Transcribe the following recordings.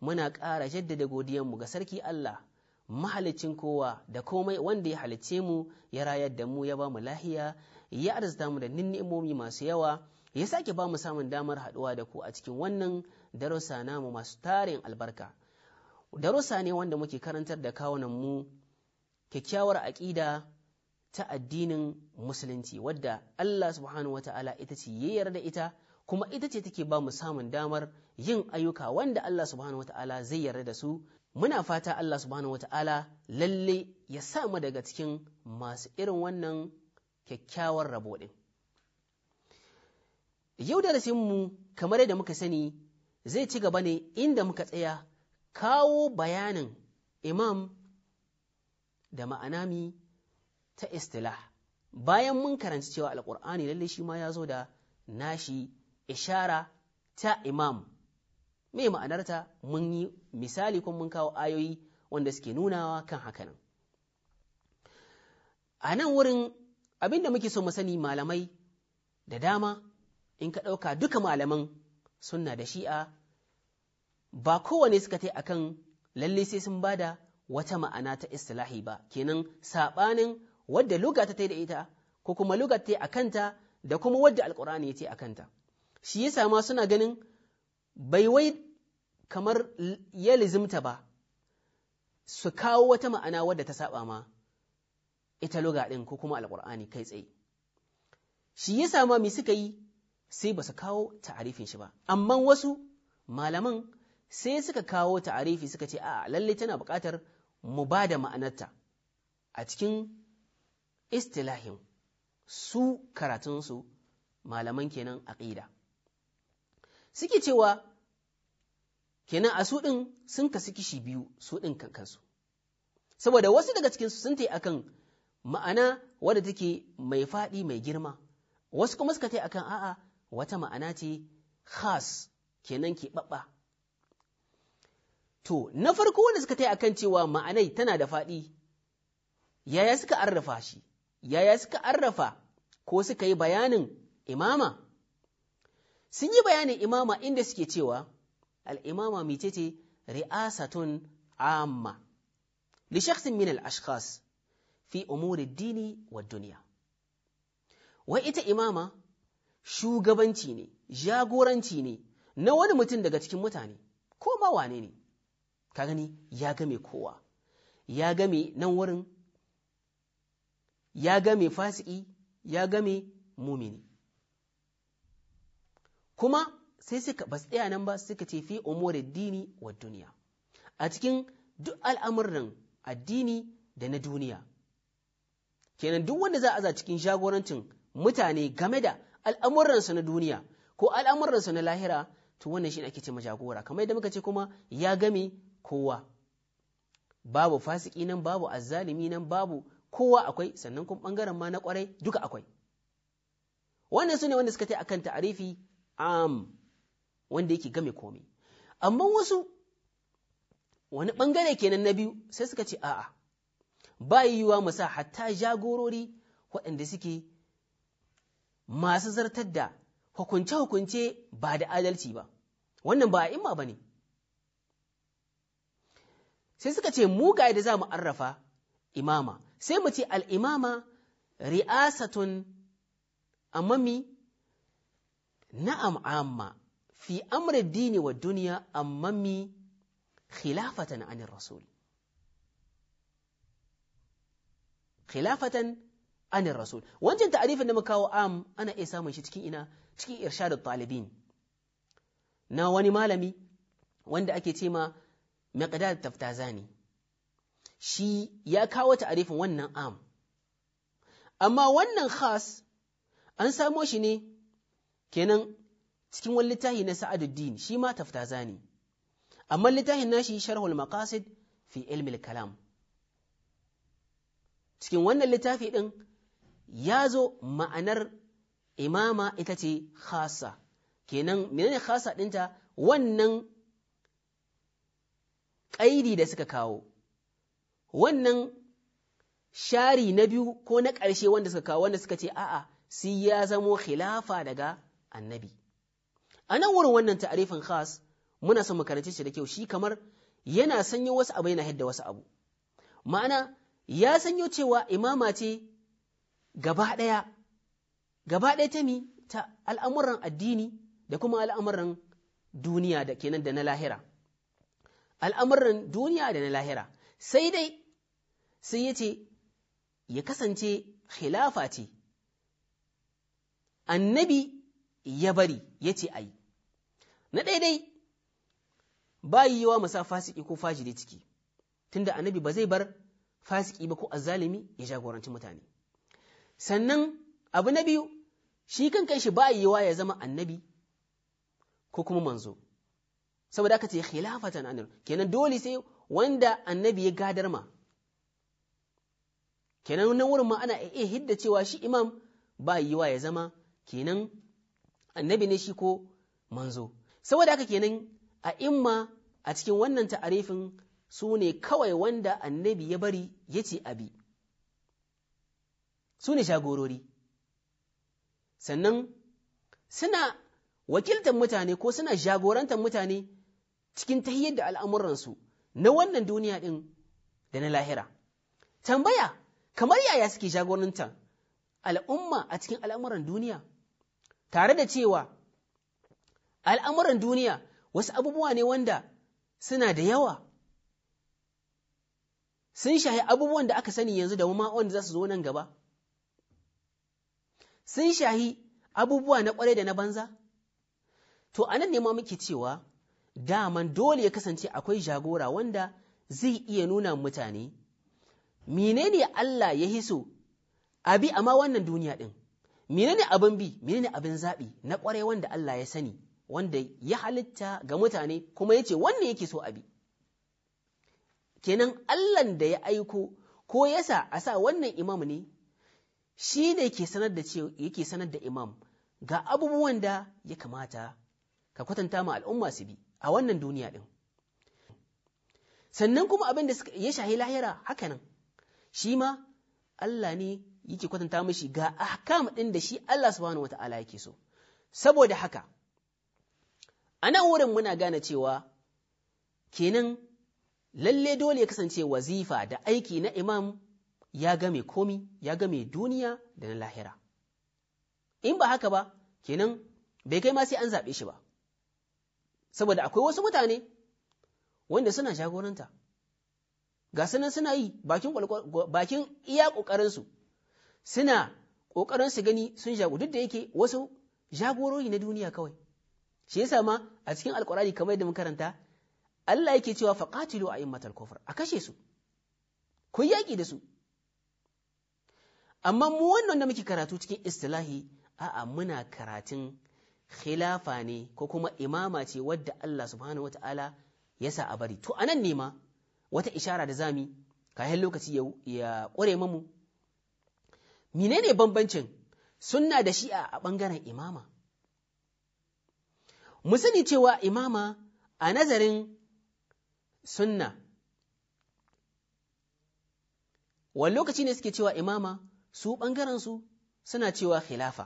muna ƙara jaddada mu ga sarki Allah mahalicin kowa da komai wanda ya halicce mu ya rayar da mu ya ba mu lahiya ya arzuta mu da ni'imomi masu yawa ya sake ba mu samun damar haɗuwa da ku a cikin wannan darussa namu masu tarin albarka darussa ne wanda muke karantar da kawunan mu kyakkyawar aƙida ta addinin musulunci wadda Allah subhanahu wata'ala ita ce ya yarda ita kuma ita ce take ba mu samun damar yin ayyuka wanda Allah subhanahu wata'ala zai yarda da su muna fata Allah subhanahu wata'ala lalle ya sa mu daga cikin masu irin wannan kyakkyawar rabo din yau da mu kamar yadda muka sani zai ci gaba ne inda muka tsaya kawo bayanin imam da ma'anami ta istilah bayan mun karanci cewa Alƙur'ani lalle shi ma ya zo da nashi ishara ta imam me ma'anarta mun yi misali kuma mun kawo ayoyi wanda suke nunawa kan hakanan a nan wurin abinda muke so mu sani malamai da dama in ka ɗauka duka malaman sunna da shi'a ba kowane suka tai akan lalle sai sun bada wata ma'ana ta istilahi ba kenan saɓanin wadda lugata ta da ita ko kuma lugata ta a kanta da kuma wadda alƙur'ani ya ce a kanta shi yasa ma suna ganin bai wai kamar ya lizimta ba su kawo wata ma'ana wadda ta saba ma ita loga ɗin ko kuma alƙur'ani kai tsaye shi yasa ma mai suka yi sai ba su kawo ta'arifin shi ba amma wasu malaman sai suka kawo ta'arifi suka ce a lalle tana buƙatar mu ba da ma'anarta a cikin istilahin su karatunsu malaman kenan aƙida suke cewa kenan a su ɗin sun kasu kishi biyu su ɗin kankansu. saboda wasu daga cikinsu sun tai akan ma'ana wadda take mai faɗi mai girma wasu kuma suka tai akan a'a wata ma'ana ce khas kenan ke ɓaɓɓa to na farko wanda suka tai akan cewa ma'anai tana da faɗi yaya suka arrafa shi yaya suka arrafa ko suka yi bayanin imama sun yi bayanin imama inda suke cewa al'imama mitete ri'asatun amma li shakhsin min al'ashkas fi umuri dini wa duniya wai ita imama shugabanci ne jagoranci ne na wani mutum daga cikin mutane ko ma wane ne ka gani ya game kowa ya game nan wurin ya game fasiki ya game mumini kuma sai suka ba tsaya nan ba suka ce fi umuri dini wa duniya a cikin duk al'amuran addini da na duniya kenan duk wanda za a za cikin jagorancin mutane game da al'amuransa na duniya ko al'amuransa na lahira to wannan shi ake ce majagora kamar yadda muka ce kuma ya game kowa babu fasiki nan babu azzalimi nan babu kowa akwai sannan kuma bangaren ma na kwarai duka akwai wannan su ne wanda suka ta akan ta'arifi am wanda yake game komai amma wasu wani bangare kenan na biyu sai suka ce a'a ba yiwuwa mu sa hatta jagorori waɗanda suke masu zartar da hukunce-hukunce ba da adalci ba wannan ba a imma ba ne sai suka ce muga da za mu arrafa imama sai mu ce al'imama ri'asatun amami na'am amma fi amri dini wa duniya amma mi khilafatan anin rasul khilafatan anin rasul wancan ta'arifin da kawo am ana iya samun shi cikin ina cikin irshadut talibin na wani malami wanda ake ce ma miqdad taftazani shi ya kawo ta'arifin wannan am amma wannan khas an samo shi ne kenan cikin wani littafi na sa'aduddin shi ma taftaza ne amma littafin nashi sharhul maqasid fi ilmil kalam cikin wannan littafi ɗin ya zo ma'anar imama ita ce khasa kenan menene khasa ɗinta wannan ƙaidi da suka kawo wannan shari na biyu ko na ƙarshe wanda suka kawo wanda suka ce a'a sai ya zamo khilafa daga annabi a nan wurin wannan ta'arifin khas muna son makarance shi da kyau shi kamar yana sanyo wasu abu yana hadda wasu abu ma'ana ya sanyo cewa imama ce gaba ɗaya gaba ɗaya ta mi ta al'amuran addini da kuma al'amuran duniya da kenan da na lahira al'amuran duniya da na lahira sai dai sai ya ce ya kasance khilafa ce annabi ya bari ya ce a yi na daidai ba yiwa mu masa fasiki ko fajiri ciki tunda annabi ba zai bar fasiki ba ko azalimi ya jagoranci mutane sannan abu na biyu shi kan kanshi ba yi yiwa ya zama annabi ko kuma manzo saboda aka ce khilafatan anir kenan dole sai wanda annabi ya gadar ma kenan nan wurin ma ana iya hidda cewa shi imam ba yiwa ya zama kenan annabi ne shi ko manzo saboda haka kenan a imma a cikin wannan ta'arifin su ne kawai wanda annabi ya bari ya ce abi su ne shagorori sannan suna wakiltar mutane ko suna jagorantar mutane cikin tahiyar da al'amuransu na wannan duniya ɗin da na lahira tambaya kamar yaya suke jagoranta al'umma a cikin al'amuran duniya tare da cewa al'amuran duniya wasu abubuwa ne wanda suna da yawa sun shahi abubuwan da aka sani yanzu da ma wanda za su zo nan gaba sun shahi abubuwa na kwarai da na banza to a nan ne ma muke cewa daman dole ya kasance akwai jagora wanda zai iya nuna mutane menene Allah ya hiso abi amma wannan duniya ɗin menene abin bi menene abin zaɓi na ƙwarai wanda Allah ya sani wanda ya halitta ga mutane kuma ya ce wannan yake so abi kenan Allahn da ya aiko ko yasa a sa wannan imam ne shi ne sanar da yake sanar da imam ga abubuwan da ya kamata ka kwatanta ma al'umma su bi a wannan duniya ɗin sannan kuma abin da ya shahi lahira haka nan shi ma Allah ne yake kwatanta mashi ga ahkam ɗin da shi Allah subhanahu wata'ala yake so saboda haka a nan wurin muna gane cewa kenan lalle dole ya kasance wazifa da aiki na imam ya game komi ya game duniya da na lahira in ba haka ba kenan bai kai ma sai an zaɓe shi ba saboda akwai wasu mutane wanda suna jagoranta ga sunan suna yi bakin iya ƙoƙarinsu suna ƙoƙarin su gani sun jago duk da yake wasu jagorori na duniya kawai shi yasa ma a cikin alkurani kamar yadda mun karanta Allah yake cewa faqatilu a'immatal kufr a kashe su ku yaki da su amma mu wannan da muke karatu cikin istilahi a'a muna karatun khilafa ne ko kuma imama ce wadda Allah subhanahu wata'ala ya sa a bari to anan ne ma wata ishara da zami kayan lokaci ya ƙware mamu menene bambancin sunna da shi'a a ɓangaren imama mu sani cewa imama a nazarin sunna wani lokaci ne suke cewa imama su ɓangarensu suna cewa khilafa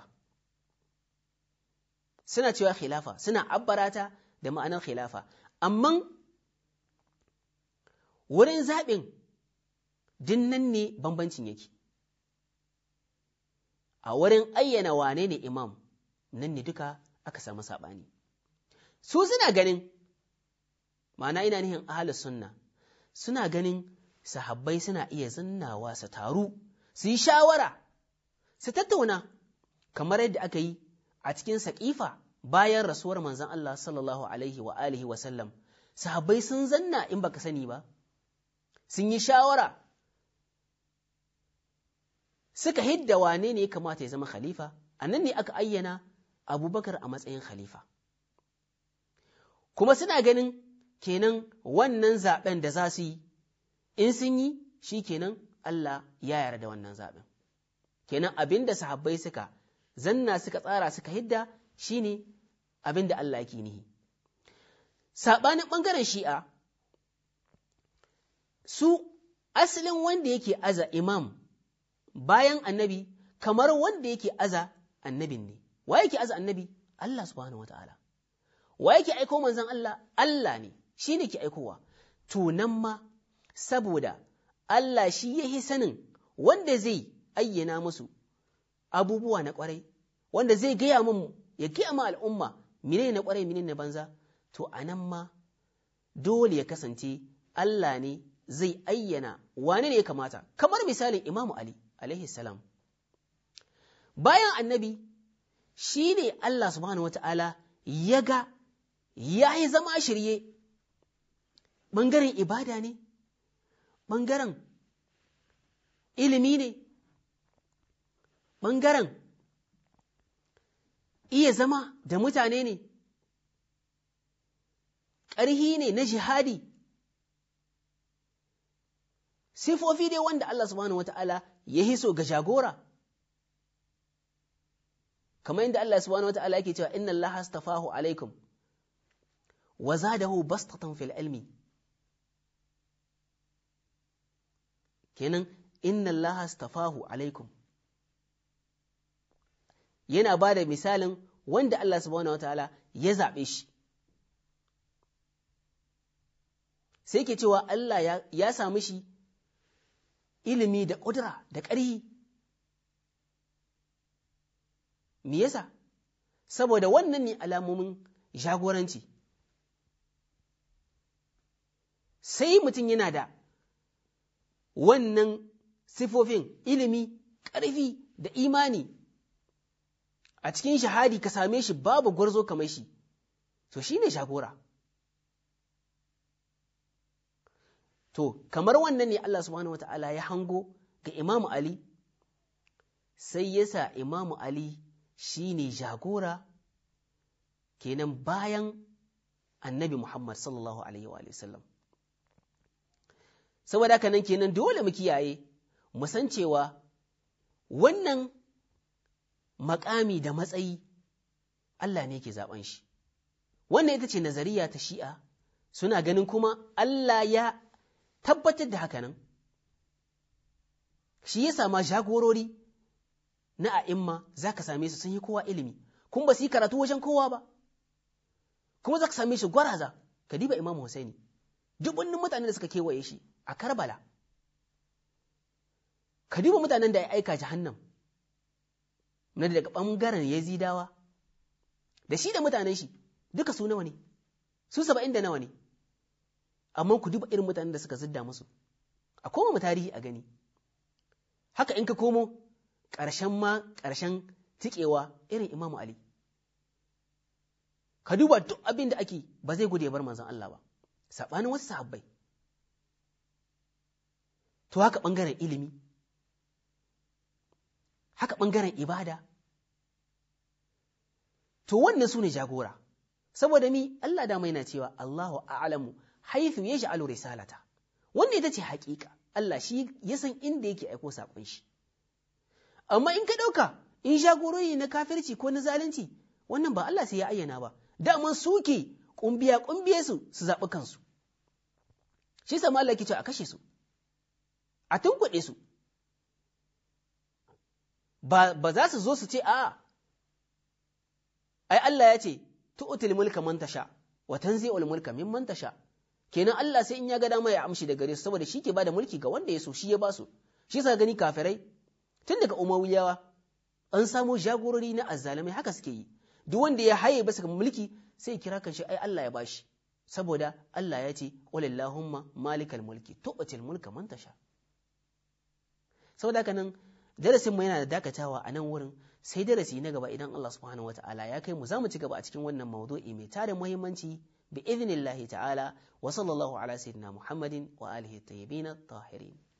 suna cewa khilafa suna abbarata da ma'anar khilafa amma wurin zaɓin dinnan ne bambancin yake a wurin ayyana wane ne imam nan ne duka aka samu saɓani su suna ganin ma'ana ina nihin ahalus sunna suna ganin sahabbai suna iya zannawa su taru su yi shawara su tattauna kamar yadda aka yi a cikin saƙifa bayan rasuwar manzon Allah sallallahu alaihi wa alihi wa sallam sahabbai sun zanna in baka sani ba sun yi shawara suka hidda wane ne ya kamata ya zama khalifa a nan ne aka ayyana abubakar a matsayin khalifa kuma suna ganin kenan wannan zaben da za su yi in sun yi shi kenan Allah ya yarda da wannan zaben kenan abin da sahabbai suka zanna suka tsara suka hidda shine abin da Allah yake nihi saɓanin ɓangaren shi'a su asalin wanda yake aza imam bayan annabi kamar wanda yake aza annabin ne wa yake aza annabi Allah subhanahu ta'ala. wa yake aiko manzan Allah Allah ne shi ne ke aikowa to nan ma saboda Allah shi yi sanin wanda zai ayyana musu abubuwa na kwarai wanda zai gaya mun ya gaya ma al'umma mine na kwarai mine na banza to a nan ma dole ya kasance Allah ne zai ayyana wane ne ya kamata kamar misalin Imamu Ali alaihi salam bayan annabi shi ne Allah subhanahu wata'ala ya ga ya yi zama shirye ɓangaren ibada ne ɓangaren ilimi ne ɓangaren iya zama da mutane ne ƙarhi ne na jihadi sifofi dai wanda Allah subhanahu wata'ala ya hiso ga jagora kamar inda Allah subhanahu wa ta'ala yake cewa inna Allah astafahu alaikum wa zadahu bastatan fil ilmi kenan inna Allah astafahu alaikum yana ba da misalin wanda Allah subhanahu wa ta'ala ya zaɓe shi sai ke cewa Allah ya sami shi ilimi da ƙudura da ƙari me yasa saboda wannan ne alamomin jagoranci sai mutum yana da wannan sifofin ilimi ƙarfi da imani a cikin shahadi ka same shi babu gwarzo kamar shi to shi ne jagora. to kamar wannan ne Allah subhanahu wata'ala ya hango ga Imam Ali sai ya sa Imam Ali shi ne jagora kenan bayan annabi Muhammad sallallahu alaihi wa sallam saboda haka nan kenan dole mu kiyaye mu san cewa wannan makami da matsayi Allah ne ke zaben shi wannan ita ce nazariya ta shi'a suna ganin kuma Allah ya tabbatar da haka nan shi ya sama jagorori na a'imma za ka same su sun yi kowa ilimi kuma ba su yi karatu wajen kowa ba kuma za ka same shi gwaraza ka diba imam Husaini dubunnin mutane da suka kewaye shi a Karbala ka diba mutanen da ya aika jahannam na daga ɓangaren Yazidawa da shi da mutanen shi duka su nawa ne su saba'in da nawa ne amma ku duba irin mutanen da suka zidda musu a koma mu tarihi a gani haka in ka komo ƙarshen ma ƙarshen tikewa irin imamu ali ka duba duk abin da ake ba zai gode bar manzon Allah ba saɓanin wasu sahabbai to haka ɓangaren ilimi haka ɓangaren ibada to wannan su ne jagora saboda mi Allah da mai na cewa Allahu a'lamu haithu ya sha'alu risalata wanda ita ce haƙiƙa Allah shi ya san inda yake aiko saƙon shi amma in ka ɗauka in shagoroyi na kafirci ko na zalunci wannan ba Allah sai ya ayyana ba Da dama suke kumbiya kumbiye su su zaɓi kansu shi sama Allah ke cewa a kashe su a tunkuɗe su ba za su zo su ce a ai Allah ya ce tu'til mulka man tasha wa tanzi'ul mulka mimman tasha kenan Allah sai in ya ga dama ya amshi da gare su saboda shi ke bada mulki ga wanda ya so shi ya ba su shi yasa gani kafirai tun daga umawiyawa an samo jagorori na azzalumai haka suke yi duk wanda ya haye basa mulki sai kira kan shi ai Allah ya bashi saboda Allah ya ce walillahumma malikal mulki tubatil mulka man tasha saboda haka nan darasin mu yana da dakatawa a nan wurin sai darasi na gaba idan Allah subhanahu wataala ya kai mu za mu ci gaba a cikin wannan maudu'i mai tare muhimmanci بإذن الله تعالى وصلى الله على سيدنا محمد وآله الطيبين الطاهرين